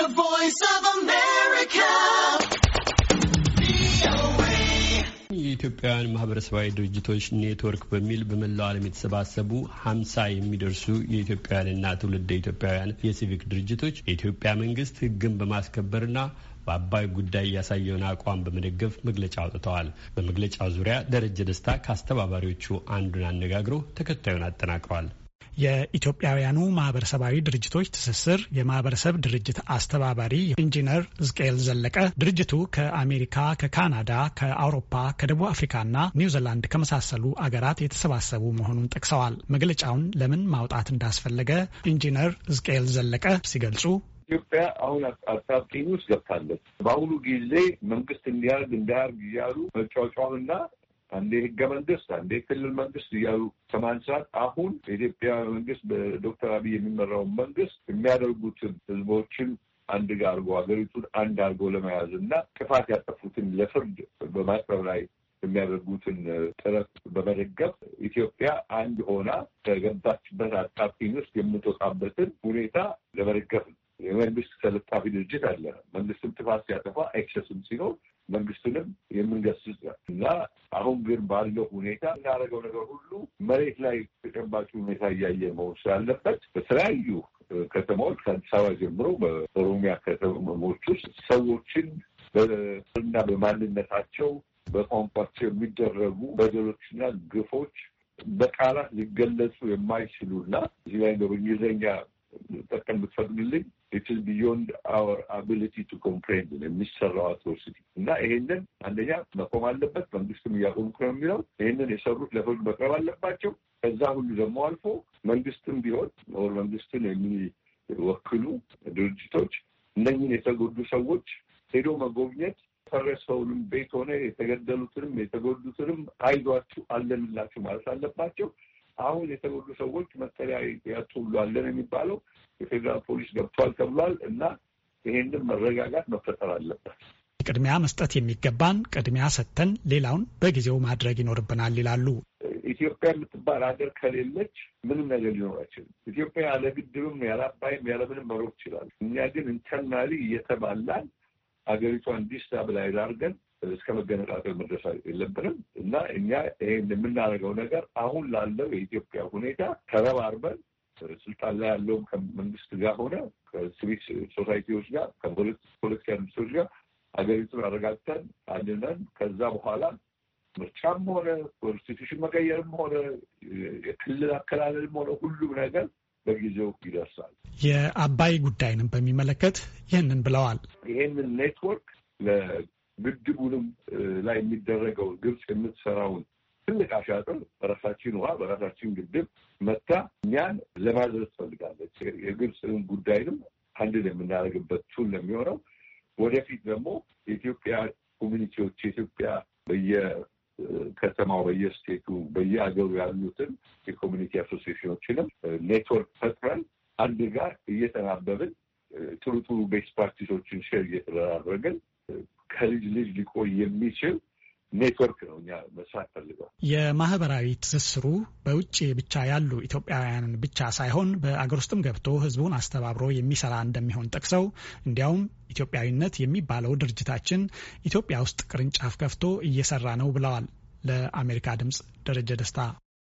The Voice of America. የኢትዮጵያውያን ማህበረሰባዊ ድርጅቶች ኔትወርክ በሚል በመላው ዓለም የተሰባሰቡ ሀምሳ የሚደርሱ የኢትዮጵያውያንና ትውልደ ኢትዮጵያውያን የሲቪክ ድርጅቶች የኢትዮጵያ መንግስት ህግን በማስከበርና በአባይ ጉዳይ ያሳየውን አቋም በመደገፍ መግለጫ አውጥተዋል። በመግለጫው ዙሪያ ደረጀ ደስታ ከአስተባባሪዎቹ አንዱን አነጋግሮ ተከታዩን አጠናቅሯል። የኢትዮጵያውያኑ ማህበረሰባዊ ድርጅቶች ትስስር የማህበረሰብ ድርጅት አስተባባሪ ኢንጂነር ዝቅኤል ዘለቀ ድርጅቱ ከአሜሪካ፣ ከካናዳ፣ ከአውሮፓ፣ ከደቡብ አፍሪካና ኒውዚላንድ ከመሳሰሉ አገራት የተሰባሰቡ መሆኑን ጠቅሰዋል። መግለጫውን ለምን ማውጣት እንዳስፈለገ ኢንጂነር ዝቅኤል ዘለቀ ሲገልጹ ኢትዮጵያ አሁን አጣብቂኝ ውስጥ ገብታለች። በአሁኑ ጊዜ መንግስት እንዲያርግ እንዳያርግ እያሉ መጫጫሁና አንዴ ህገ መንግስት፣ አንዴ ክልል መንግስት እያሉ ከማንሳት አሁን የኢትዮጵያ መንግስት በዶክተር አብይ የሚመራውን መንግስት የሚያደርጉትን ህዝቦችን አንድ ጋር አድርጎ ሀገሪቱን አንድ አድርጎ ለመያዝ እና ጥፋት ያጠፉትን ለፍርድ በማቅረብ ላይ የሚያደርጉትን ጥረት በመደገፍ ኢትዮጵያ አንድ ሆና ከገባችበት አጣብቂኝ ውስጥ የምትወጣበትን ሁኔታ ለመደገፍ ነው። የመንግስት ተለጣፊ ድርጅት አለ። መንግስትም ጥፋት ሲያጠፋ ኤክሰስም ሲኖር መንግስትንም የምንገስጽ እና አሁን ግን ባለው ሁኔታ እናደረገው ነገር ሁሉ መሬት ላይ ተጨባጭ ሁኔታ እያየ መሆን ስላለበት በተለያዩ ከተማዎች ከአዲስ አበባ ጀምሮ በኦሮሚያ ከተሞች ውስጥ ሰዎችን እና በማንነታቸው በቋንቋቸው የሚደረጉ በደሎችና ግፎች በቃላት ሊገለጹ የማይችሉና እዚህ ላይ ነው እንግሊዝኛ ጠቀም ብትፈቅድልኝ ኢት ኢዝ ቢዮንድ አወር አቢሊቲ ቱ ኮምፕሬንድ የሚሰራው አትሮሲቲ እና ይሄንን አንደኛ መቆም አለበት። መንግስትም እያቆምኩ ነው የሚለው ይሄንን የሰሩት ለፍርድ መቅረብ አለባቸው። ከዛ ሁሉ ደግሞ አልፎ መንግስትም ቢሆን ወር መንግስትን የሚወክሉ ድርጅቶች እነኝን የተጎዱ ሰዎች ሄዶ መጎብኘት የፈረሰውንም ቤት ሆነ የተገደሉትንም የተጎዱትንም አይዟችሁ አለንላችሁ ማለት አለባቸው። አሁን የተጎዱ ሰዎች መጠለያ ያጡ ሁሉ አለን የሚባለው የፌዴራል ፖሊስ ገብቷል ተብሏል እና ይህንን መረጋጋት መፈጠር አለበት። ቅድሚያ መስጠት የሚገባን ቅድሚያ ሰጥተን ሌላውን በጊዜው ማድረግ ይኖርብናል ይላሉ። ኢትዮጵያ የምትባል ሀገር ከሌለች ምንም ነገር ሊኖር አይችልም። ኢትዮጵያ ያለ ግድብም ያለ አባይም ያለ ምንም መሮጥ ይችላል። እኛ ግን ኢንተርናሊ እየተባላን ሀገሪቷን እንዲስታብላይዝ አድርገን እስከ መገነጣጠል መድረስ የለብንም እና እኛ ይህን የምናደርገው ነገር አሁን ላለው የኢትዮጵያ ሁኔታ ተረባርበን ስልጣን ላይ ያለውም ከመንግስት ጋር ሆነ ከሲቪክ ሶሳይቲዎች ጋር ከፖለቲካ ድርጅቶች ጋር ሀገሪቱን አረጋግተን አንድነን ከዛ በኋላ ምርጫም ሆነ ኮንስቲቱሽን መቀየርም ሆነ የክልል አከላለልም ሆነ ሁሉም ነገር በጊዜው ይደርሳል። የአባይ ጉዳይንም በሚመለከት ይህንን ብለዋል። ይህንን ኔትወርክ ለግድቡንም ላይ የሚደረገውን ግብፅ የምትሰራውን ትልቅ አሻጥር በራሳችን ውሃ በራሳችን ግድብ መታ እኛን ለማድረስ ትፈልጋለች። የግብፅን ጉዳይንም አንድን የምናደርግበት ቱል ለሚሆነው ወደፊት ደግሞ የኢትዮጵያ ኮሚኒቲዎች የኢትዮጵያ በየ ከተማው በየስቴቱ በየአገሩ ያሉትን የኮሚኒቲ አሶሲዬሽኖችንም ኔትወርክ ፈጥረን አንድ ጋር እየተናበብን ጥሩ ጥሩ ቤስት ፕራክቲሶችን ሼር እየተደራረግን ከልጅ ልጅ ሊቆይ የሚችል ኔትወርክ ነው እኛ መስራት ፈልገው። የማህበራዊ ትስስሩ በውጭ ብቻ ያሉ ኢትዮጵያውያንን ብቻ ሳይሆን በአገር ውስጥም ገብቶ ህዝቡን አስተባብሮ የሚሰራ እንደሚሆን ጠቅሰው እንዲያውም ኢትዮጵያዊነት የሚባለው ድርጅታችን ኢትዮጵያ ውስጥ ቅርንጫፍ ከፍቶ እየሰራ ነው ብለዋል። ለአሜሪካ ድምፅ ደረጀ ደስታ